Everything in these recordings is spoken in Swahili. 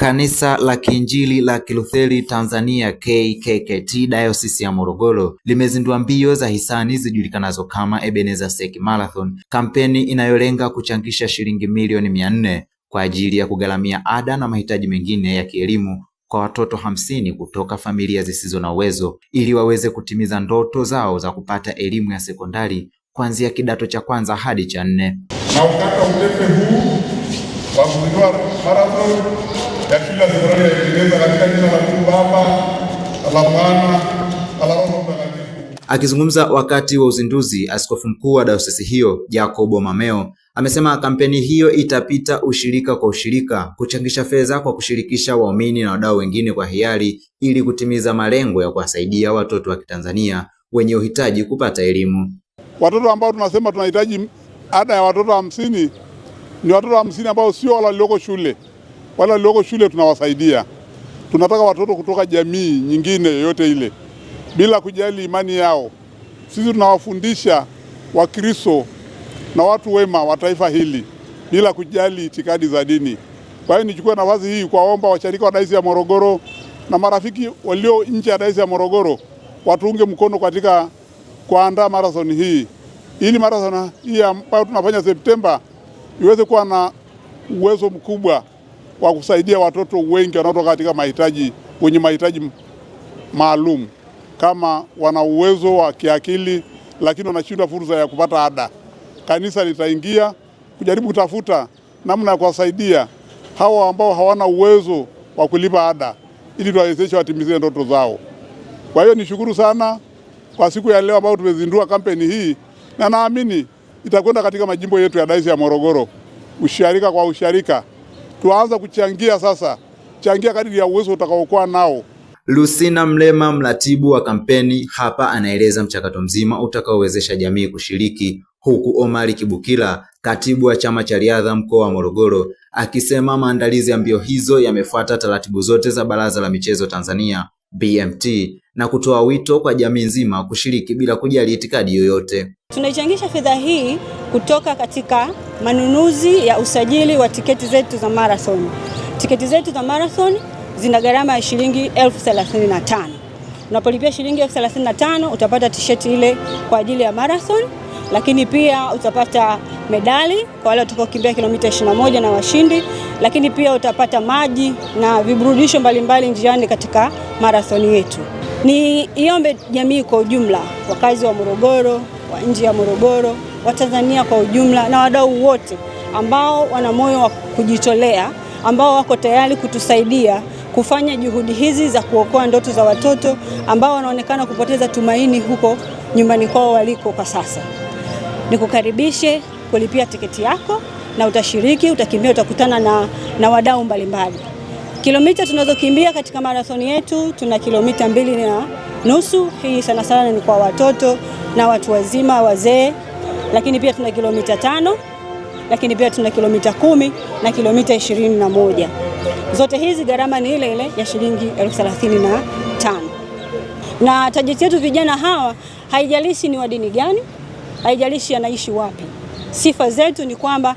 Kanisa la Kiinjili la Kilutheri Tanzania KKKT Dayosisi ya Morogoro limezindua mbio za hisani zijulikanazo kama Ebenezer Sek Marathon, kampeni inayolenga kuchangisha shilingi milioni mia nne kwa ajili ya kugharamia ada na mahitaji mengine ya kielimu kwa watoto hamsini kutoka familia zisizo na uwezo ili waweze kutimiza ndoto zao za kupata elimu ya sekondari kuanzia kidato cha kwanza hadi cha nne. Na ukata huu wa kuzindua marathon ya shule ya sekondari ya Uingereza katika jina la Mungu Baba la Mwana na la Roho Mtakatifu. Akizungumza wakati wa uzinduzi, askofu mkuu wa dayosisi hiyo Jacobo Mameo amesema kampeni hiyo itapita ushirika kwa ushirika kuchangisha fedha kwa kushirikisha waumini na wadau wengine kwa hiari ili kutimiza malengo ya kuwasaidia watoto wa Kitanzania wenye uhitaji kupata elimu. Watoto ambao tunasema tunahitaji ada ya watoto hamsini ni watoto hamsini ambao sio wala walioko shule. Wale walioko shule tunawasaidia. Tunataka watoto kutoka jamii nyingine yoyote ile, bila kujali imani yao, sisi tunawafundisha Wakristo na watu wema wa taifa hili bila kujali itikadi za dini. Kwa hiyo nichukue nafasi hii kuwaomba washirika wa dayosisi ya Morogoro na marafiki walio nje ya dayosisi ya Morogoro watuunge mkono katika kuandaa marathon hii, ili marathon hii ambayo tunafanya Septemba iweze kuwa na uwezo mkubwa wa kusaidia watoto wengi wanaotoka katika mahitaji wenye mahitaji maalum, kama wana uwezo wa kiakili lakini wanashindwa fursa ya kupata ada. Kanisa litaingia kujaribu kutafuta namna ya kuwasaidia hawa ambao hawana uwezo wa kulipa ada ili tuwawezeshe watimizie ndoto zao. Kwa hiyo nishukuru sana kwa siku ya leo ambayo tumezindua kampeni hii na naamini itakwenda katika majimbo yetu ya Daisi ya Morogoro, usharika kwa usharika. Tuanza kuchangia sasa, changia kadiri ya uwezo utakaokuwa nao. Lucina Mlema, mratibu wa kampeni hapa, anaeleza mchakato mzima utakaowezesha jamii kushiriki, huku Omari Kibukila, katibu wa chama cha riadha mkoa wa Morogoro, akisema maandalizi ya mbio hizo yamefuata taratibu zote za Baraza la Michezo Tanzania BMT na kutoa wito kwa jamii nzima kushiriki bila kujali itikadi yoyote. Tunaichangisha fedha hii kutoka katika manunuzi ya usajili wa tiketi zetu za marathon. Tiketi zetu za marathon zina gharama ya shilingi elfu thelathini na tano. Unapolipia shilingi elfu thelathini na tano utapata tisheti ile kwa ajili ya marathon, lakini pia utapata medali kwa wale watakaokimbia kilomita 21 na washindi, lakini pia utapata maji na viburudisho mbalimbali njiani katika marathoni yetu. Ni iombe jamii kwa ujumla, wakazi wa Morogoro, wa nje ya Morogoro, wa tanzania kwa ujumla na wadau wote ambao wana moyo wa kujitolea, ambao wako tayari kutusaidia kufanya juhudi hizi za kuokoa ndoto za watoto ambao wanaonekana kupoteza tumaini huko nyumbani kwao waliko kwa sasa. Nikukaribishe kulipia tiketi yako na utashiriki, utakimbia, utakutana na, na wadau mbalimbali. Kilomita tunazokimbia katika marathoni yetu tuna kilomita mbili na nusu. Hii sana sana ni kwa watoto na watu wazima, wazee, lakini pia tuna kilomita tano, lakini pia tuna kilomita kumi na kilomita ishirini na moja. Zote hizi gharama ni ile ile ya shilingi elfu thelathini na tano na tajeti yetu vijana hawa, haijalishi ni wa dini gani, haijalishi anaishi wapi. Sifa zetu ni kwamba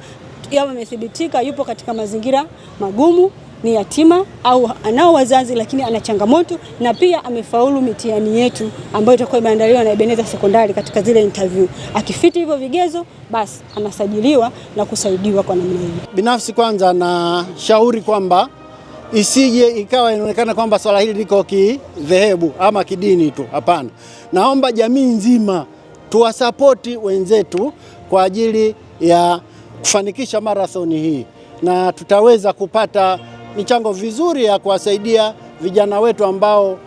yao amethibitika yupo katika mazingira magumu ni yatima au anao wazazi lakini ana changamoto na pia amefaulu mitihani yetu ambayo itakuwa imeandaliwa na Ebeneza Sekondari katika zile interview. Akifiti hivyo vigezo, basi anasajiliwa na kusaidiwa kwa namna hiyo. Binafsi kwanza na shauri kwamba isije ikawa inaonekana kwamba swala hili liko kidhehebu ama kidini tu. Hapana, naomba jamii nzima tuwasapoti wenzetu kwa ajili ya kufanikisha marathoni hii na tutaweza kupata michango vizuri ya kuwasaidia vijana wetu ambao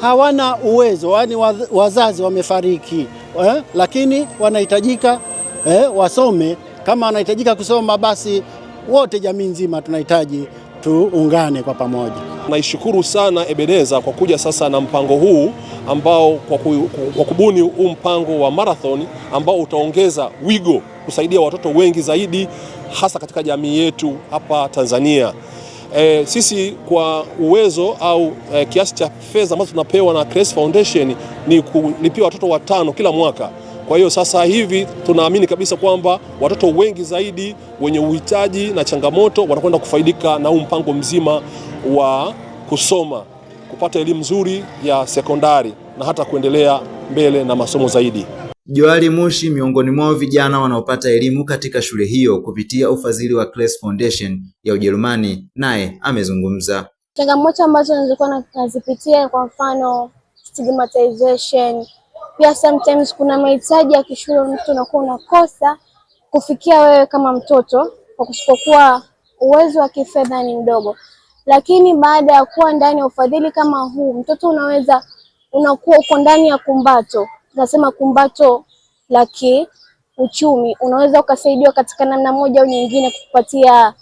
hawana uwezo, yaani wazazi wamefariki eh, lakini wanahitajika eh, wasome. Kama wanahitajika kusoma, basi wote jamii nzima tunahitaji tuungane kwa pamoja. Naishukuru sana Ebeneza kwa kuja sasa na mpango huu ambao kwa, ku, kwa kubuni huu mpango wa marathon ambao utaongeza wigo kusaidia watoto wengi zaidi hasa katika jamii yetu hapa Tanzania. E, sisi kwa uwezo au e, kiasi cha fedha ambazo tunapewa na Crest Foundation ni kulipia watoto watano kila mwaka. Kwa hiyo sasa hivi tunaamini kabisa kwamba watoto wengi zaidi wenye uhitaji na changamoto wanakwenda kufaidika na huu mpango mzima wa kusoma, kupata elimu nzuri ya sekondari na hata kuendelea mbele na masomo zaidi. Joel Mushi miongoni mwao vijana wanaopata elimu katika shule hiyo kupitia ufadhili wa Claes Foundation ya Ujerumani, naye amezungumza changamoto ambazo nilikuwa nazipitia, kwa mfano stigmatization. Pia sometimes kuna mahitaji ya kishule mtu unakuwa unakosa kufikia wewe kama mtoto kwa kusipokuwa uwezo wa kifedha ni mdogo, lakini baada ya kuwa ndani ya ufadhili kama huu, mtoto unaweza unakuwa uko ndani ya kumbato tunasema kumbato la kiuchumi. Unaweza ukasaidiwa katika namna moja au nyingine, kukupatia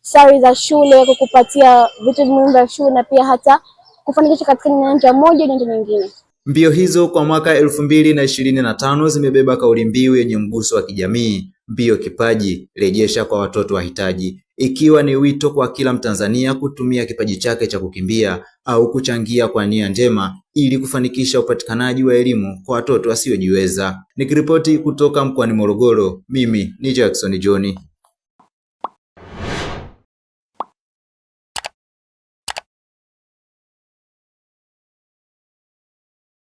sari za shule, kukupatia vitu muhimu vya shule, na pia hata kufanikisha katika nyanja moja nyanja nyingine. Mbio hizo kwa mwaka elfu mbili na ishirini na tano zimebeba kauli mbiu yenye mguso wa kijamii, mbio kipaji, rejesha kwa watoto wahitaji ikiwa ni wito kwa kila Mtanzania kutumia kipaji chake cha kukimbia au kuchangia kwa nia njema ili kufanikisha upatikanaji wa elimu kwa watoto wasiojiweza. Nikiripoti kutoka mkoani Morogoro, mimi ni Jackson johni